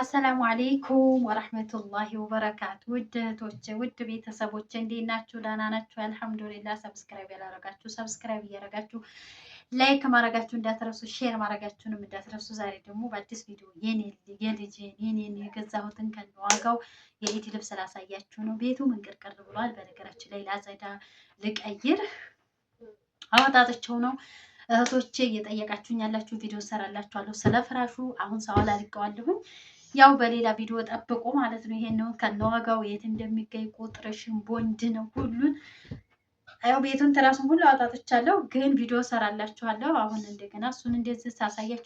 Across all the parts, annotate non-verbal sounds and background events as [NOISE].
አሰላሙ አሌይኩም ወረህመቱላሂ ወበረካቱ። ውድ እህቶቼ ውድ ቤተሰቦቼ እንዴት ናችሁ? ደህና ናችሁ? አልሐምዱሊላህ። ሰብስክራይብ ያላረጋችሁ ሰብስክራይብ እያረጋችሁ ላይክ ማረጋችሁ እንዳትረሱ፣ ሼር ማረጋችሁንም እንዳትረሱ። ዛሬ ደግሞ በአዲስ ቪዲዮ የልጄን የኔን የገዛሁትን ከነዋጋው የኢድ ልብስ ላሳያችሁ ነው። ቤቱ ምንቅርቅር ብሏል። በነገራችን ላይ ላጸዳ ልቀይር አወጣጥቸው ነው እህቶቼ እየጠየቃችሁኝ ያላችሁ ቪዲዮ ሰራላችኋለሁ። ስለ ፍራሹ አሁን ሰዋል አድቀዋለሁኝ። ያው በሌላ ቪዲዮ ጠብቁ ማለት ነው። ነው ከነዋጋው የት እንደሚገኝ ቁጥርሽን ቦንድ ነው ሁሉን ያው ቤቱን ትራሱን ሁሉ አውጣጥቻለሁ፣ ግን ቪዲዮ ሰራላችኋለሁ። አሁን እንደገና እሱን እንደዚህ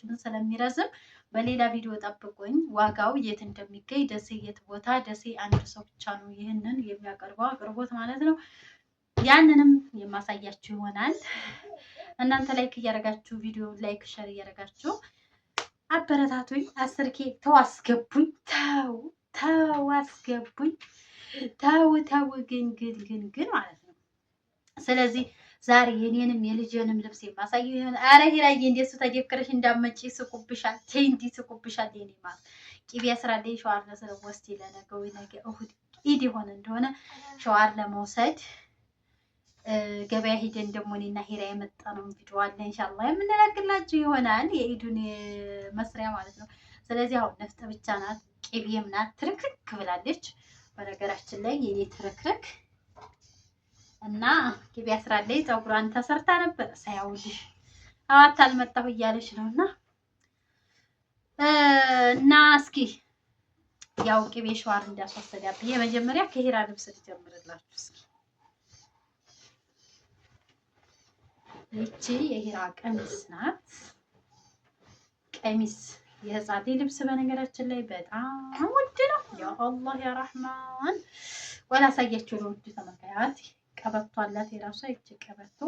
ምን ስለሚረዝም በሌላ ቪዲዮ ጠብቁኝ። ዋጋው የት እንደሚገኝ ደሴ የት ቦታ ደሴ አንድ ሰው ብቻ ነው ይህንን የሚያቀርበው አቅርቦት ማለት ነው። ያንንም የማሳያችሁ ይሆናል። እናንተ ላይክ እያደረጋችሁ ቪዲዮ ላይክ ሸር እያደረጋችሁ አበረታቱኝ። አስር ተው አስገቡኝ። ተው ተው አስገቡኝ። ተው ተው ግን ግን ግን ግን ማለት ነው። ስለዚህ ዛሬ የኔንም የልጅንም ልብስ የማሳየው ይሆን። አረ ሂራዬ እንደሱ ተጀክረሽ እንዳመጪ ስቁብሻል። ተይ እንዲህ ስቁብሻል። የኔ ማለት ቂቤ ያስራለኝ ሸዋር ለስለ ወስቲ ለነገው ነገ እሁድ ኢድ የሆነ እንደሆነ ሸዋር ለመውሰድ ገበያ ሂደን ደግሞ እኔና ሄራ የመጣ ነው ቪዲዮ እንሻላ የምንለቅላችሁ ይሆናል። የኢዱን መስሪያ ማለት ነው። ስለዚህ አሁን ነፍጠ ብቻ ናት፣ ቅቤም ናት፣ ትርክርክ ብላለች። በነገራችን ላይ የኔ ትርክርክ እና ቅቤ አስራለች። ፀጉሯን ተሰርታ ነበር ሳያውልሽ አዋት አልመጣሁ እያለች ነው እና እና እስኪ ያው ቅቤ ሸዋር እንዳስወሰዳብኝ የመጀመሪያ ከሄራ ልብስ ልጀምርላችሁ እስኪ እቺ የሄራ ቀሚስ ናት። ቀሚስ የህፃቴ ልብስ በነገራችን ላይ በጣም ውድ ነው። የአላህ የራህማን ያ ሳያቸው ለውድ ነው ቀበቶ አላት የራሷ ይቺ ቀበቶ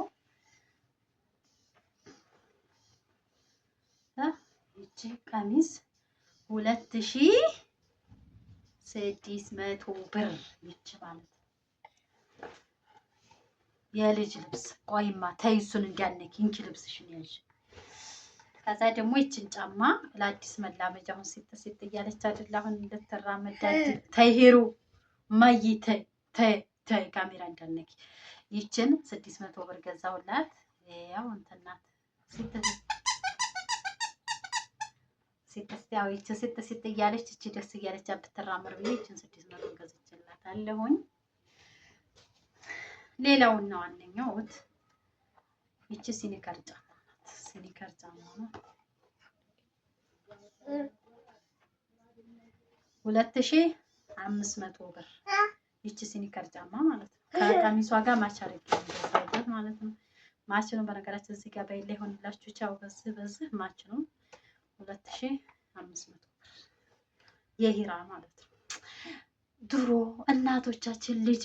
ይቺ ቀሚስ ሁለት ሺ ስድስት መቶ ብር ይች ማለት ነው። የልጅ ልብስ ቆይማ ተይሱን እንዲያነክ እንኪ ልብስሽን ያዥ። ከዛ ደግሞ ይችን ጫማ ለአዲስ መላመጃ አሁን ሴት ሴት እያለች አይደል አሁን ልትራመድ ተይ ሄሩ ማይ ተይ ተይ ካሜራ እንዳነክ ይችን ስድስት መቶ ብር ገዛውላት። ያው እንትና ሴት ያው ይችን ሴት ሴት እያለች እቺ ደስ እያለች ብትራመር ብዬ ይችን ስድስት መቶ ገዝቼላት አለሁኝ። ሌላውና ዋነኛው ወት ይቺ ሲኒከር ጫማ ናት። ሲኒከር ጫማ ነው። ሁለት ሺህ አምስት መቶ ብር ይቺ ሲኒከር ጫማ ማለት ነው። ከቀሚሷ ጋር ማች አድርጌ ማለት ነው። ማች ነው። በነገራችን እዚህ ጋር በይላ ይሆንላችሁ። ቻው በዚህ በዚህ ማች ነው። ሁለት ሺህ አምስት መቶ ብር የሂራ ማለት ነው። ድሮ እናቶቻችን ልጅ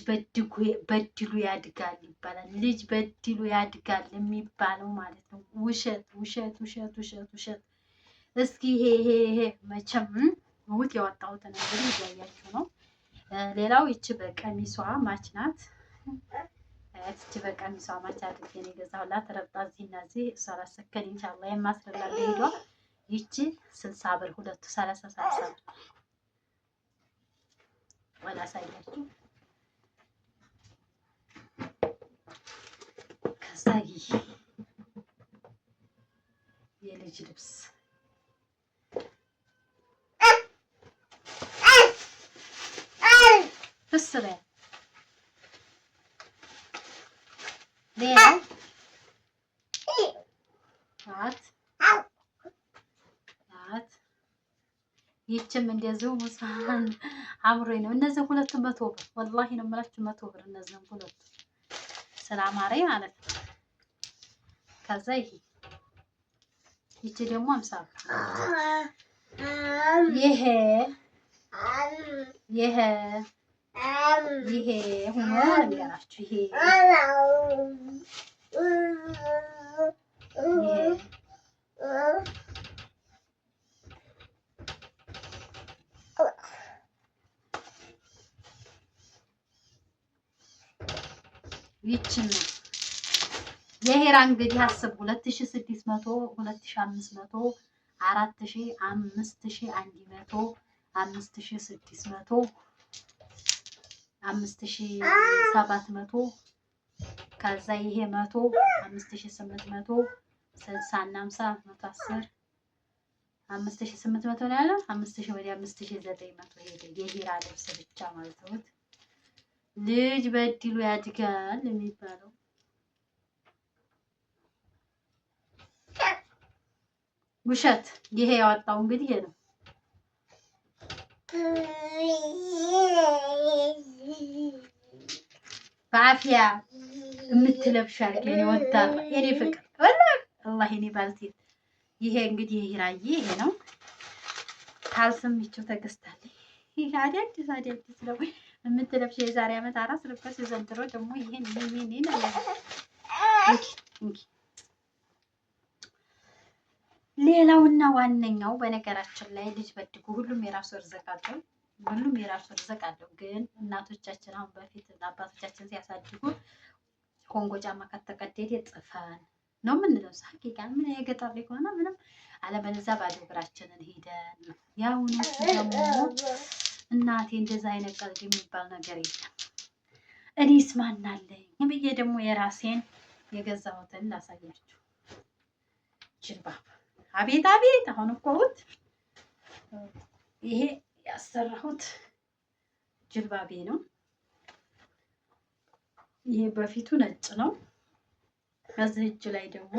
በድሉ ያድጋል ይባላል። ልጅ በድሉ ያድጋል የሚባለው ማለት ነው። ውሸት ውሸት ውሸት ውሸት ውሸት። እስኪ ይሄ ይሄ ይሄ መቼም ውት የወጣሁት ነገር እያያችሁ ነው። ሌላው ይቺ በቀሚሷ ማች ናት። ይቺ በቀሚሷ ማች አድርጌ ነው የገዛሁላት። ረብጣ እዚህና እና እዚህ እሷ ላሰከል ኢንሻላህ የማስረላ ሄዷ ይቺ ስልሳ ብር ሁለቱ ሰላሳ ሰላሳ አላሳያችሁ። ከዛ ይህ የልጅ ልብስ ስበ ይችም እንደዚሁ ሙሳን አምሮ ነው። እነዚህ ሁለቱ መቶ ብር ወላሂ ነው የምላችሁ መቶ ብር እነዚህ ሁለቱ ስለአማረኝ ማለት ነው። ከዛ ይሄ ይቺ ደግሞ አምሳ ብር ይሄ ይሄ ይሄ ሆኖ ነገራችሁ ይሄ ይሄ ይችን ነው የሄራ እንግዲህ አስብ 2600 2500 4000 5100 5600 5700 ከዛ ይሄ 100 5800 60 እና 50 110 5800 ነው ያለው 5000 ወዲያ 5900 ሄደ የሄራ ልብስ ብቻ ማለት ነው። ልጅ በድሉ ያድጋል የሚባለው ውሸት። ይሄ ያወጣው እንግዲህ ይሄ ነው። በአፍያ የምትለብሻል ግን ወጣ የኔ ፍቅር ወላሂ የኔ ባልቴት። ይሄ እንግዲህ ሂራዬ ይሄ ነው። ካልስም ይቸው ተገዝታለች። ይሄ አዲስ አዳዲስ ነው። የምትለብሽ የዛሬ ዓመት አራስ ልብስ ዘንድሮ ደግሞ ይሄን ይሄን ይሄን ሌላውና ዋነኛው በነገራችን ላይ ልጅ በድጉ ሁሉም የራሱ እርዘቅ አለው። ሁሉም የራሱ እርዘቅ አለው። ግን እናቶቻችን አሁን በፊት አባቶቻችን ሲያሳድጉ ኮንጎ ጫማ ከተቀደደ ጥፈን ነው የምንለው። ሀቂቃ ምን የገጠር ላይ ከሆነ ምንም አለበለዚያ ባዶ እግራችንን ሄደን ያሁኑ ደግሞ እናቴ እንደዛ አይነት ቀልድ የሚባል ነገር የለም። እኔስ ማናለኝ ብዬ ደግሞ የራሴን የገዛሁትን ላሳያችሁ። ጅልባ አቤት አቤት! አሁን እኮ ይሄ ያሰራሁት ጅልባቤ ነው። ይሄ በፊቱ ነጭ ነው። ከዚህ እጅ ላይ ደግሞ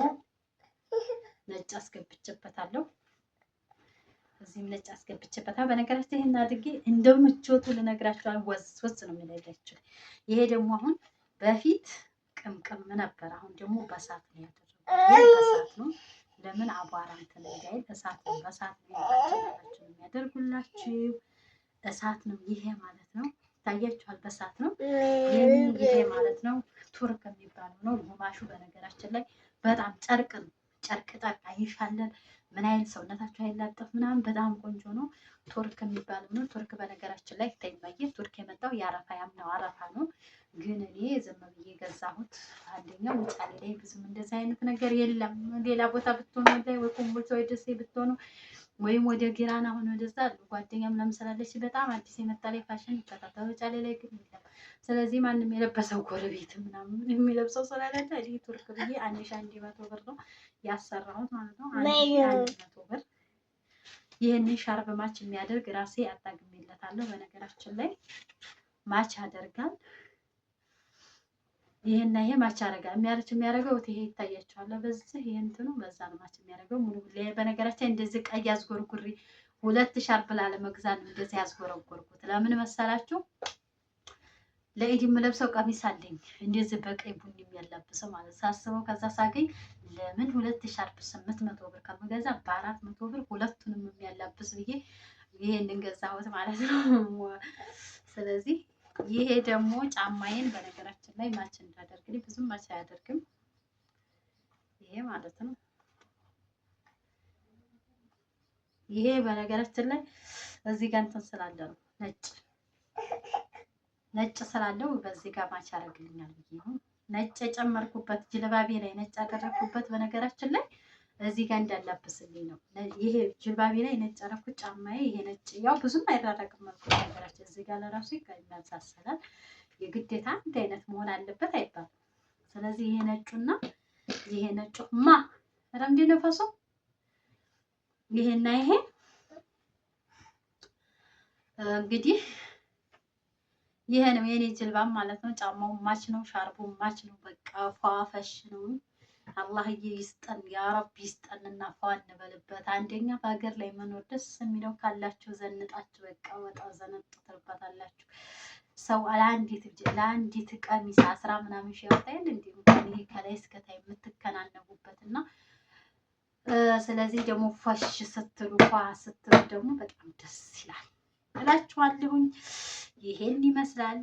ነጭ አስገብቼበታለሁ። እዚህም ነጭ አስገብቼበታል። በነገራችን ይህን አድርጌ እንደ ምቾቱ ልነግራችሁ ወስወስ ነው የሚለያችሁ። ይሄ ደግሞ አሁን በፊት ቅምቅም ነበር፣ አሁን ደግሞ በሳት ነው ያደረጉት። በሳት ነው ለምን አቧራ እንትን እንዳይል እሳት ነው። በሳት ነው የሚያደርጉላችሁ። እሳት ነው ይሄ ማለት ነው። ታያችኋል። በሳት ነው ይሄ ማለት ነው። ቱርክ የሚባለው ነው። ጉማሹ በነገራችን ላይ በጣም ጨርቅ ነው። ጨርቅ ጠቃ ይሻለን ምን አይነት ሰውነታቸው አይላጠፍ ምናምን በጣም ቆንጆ ነው። ቱርክ የሚባለው ነው። ቱርክ በነገራችን ላይ ተይባየ ቱርክ የመጣው የአረፋ ያም ነው አረፋ ነው። ግን እኔ ዝም ብዬ ገዛሁት። አንደኛው ውጫሌ ላይ ብዙም እንደዚህ አይነት ነገር የለም። ሌላ ቦታ ብትሆኑ ላይ ወይ ኮምቦልቻ ወይ ደሴ ብትሆኑ ወይም ወደ ጊራና አሁን ወደዛ ጓደኛ ምናምን ስላለች በጣም አዲስ የመጣ ላይ ፋሽን ይከታተሉ ጫሌ ላይ ግን የለም። ስለዚህ ማንም የለበሰው ጎረቤት ምናምን የሚለብሰው ስላለለ እዚህ ቱርክ ብዬ አንድ ሺ አንድ መቶ ብር ነው ያሰራሁት ማለት ነው። አንድ ሺ አንድ መቶ ብር ይህን ሻርብ ማች የሚያደርግ ራሴ አጣግሜለታለሁ። በነገራችን ላይ ማች አደርጋል ይሄና ይሄ ማች ያደርጋል። የሚያረች የሚያደርገው ይሄ ይታያቸዋል። በዚህ ይሄ እንትኑ በዛ ነው ማች የሚያደርገው ሙሉ። በነገራችን እንደዚህ ቀይ አዝጎርጉሪ ሁለት ሻርፕ ላለመግዛት ነው እንደዚህ ያዝጎረጎርኩት። ለምን መሰላችሁ? ለኢድ የምለብሰው ቀሚስ አለኝ እንደዚህ በቀይ ቡኒ የሚያለብሰው ማለት ሳስበው፣ ከዛ ሳገኝ ለምን ሁለት ሻርፕ ስምንት መቶ ብር ከምገዛ በአራት መቶ ብር ሁለቱንም የሚያለብስ ብዬ ይሄ እንድንገዛሁት ማለት ነው። [LAUGHS] ስለዚህ ይሄ ደግሞ ጫማዬን በነገራችን ላይ ማች እንዳደርግልኝ ብዙም ማች አያደርግም፣ ይሄ ማለት ነው። ይሄ በነገራችን ላይ እዚህ ጋር እንትን ስላለ ነው ነጭ ነጭ ስላለው በዚህ ጋር ማች ያደርግልኛል ብዬ ነው ነጭ የጨመርኩበት ጅልባቤ ላይ ነጭ ያደረግኩበት በነገራችን ላይ እዚህ ጋር እንዳላብስልኝ ነው። ይሄ ጅልባቤ ላይ ነጭ አረኩት። ጫማዬ ይሄ ነጭ ያው ብዙም አይራረቅም መልኩ ነገራችን እዚህ ጋር ለራሱ ይመሳሰላል። የግዴታ አንድ አይነት መሆን አለበት አይባልም። ስለዚህ ይሄ ነጩና ይሄ ነጩ ማ ረምዴ ነፋሶ ይሄና ይሄ እንግዲህ ይሄ ነው የኔ ጅልባም ማለት ነው። ጫማው ማች ነው፣ ሻርቡ ማች ነው። በቃ ፏፈሽ ነው። አላህዬ ይስጠን፣ የአረብ ይስጠንና ፏ እንበልበት። አንደኛ በሀገር ላይ መኖር ደስ የሚለው ካላችሁ ዘንጣችሁ በቃ ወጣ ዘነጥ ትርባታላችሁ። ሰው ለአንዲት ቀሚስ አስራ ምናምን ሺህ ያወጣል። እንዲሁም ይሄ ከላይ እስከታይ የምትከናነቡበት እና ስለዚህ ደግሞ ፈሽ ስትሉ ፏ ስትሉ ደግሞ በጣም ደስ ይላል እላችኋለሁኝ። ይሄን ይመስላል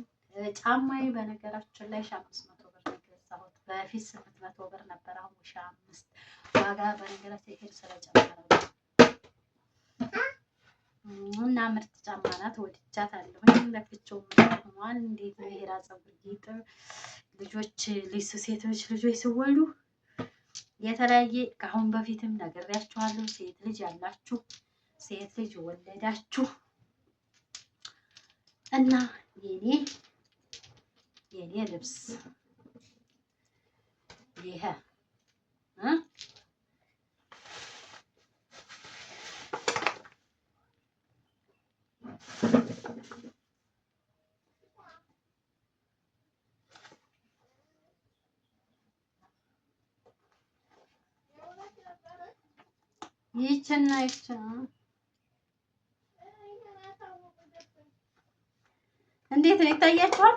ጫማዬ በነገራችን ላይ ሻምስ ነው በፊት ስምንት መቶ ብር ነበር። አሁን ሺህ አምስት ዋጋ በነገራችን ይሄን ስለጨመረ እና ምርጥ ጫማ ናት። ወድጃታለሁ። ለፍቼው ምናምን እንዴት ነው የራ ፀጉር ጌጥ ልጆች ልጅ ሴቶች ልጆች ሲወሉ የተለያየ ከአሁን በፊትም ነግሬያችኋለሁ። ሴት ልጅ ያላችሁ ሴት ልጅ ወለዳችሁ እና የኔ የኔ ልብስ ये है हाँ? ይችን ነው ይችን እንዴት ነው ይታያችኋል?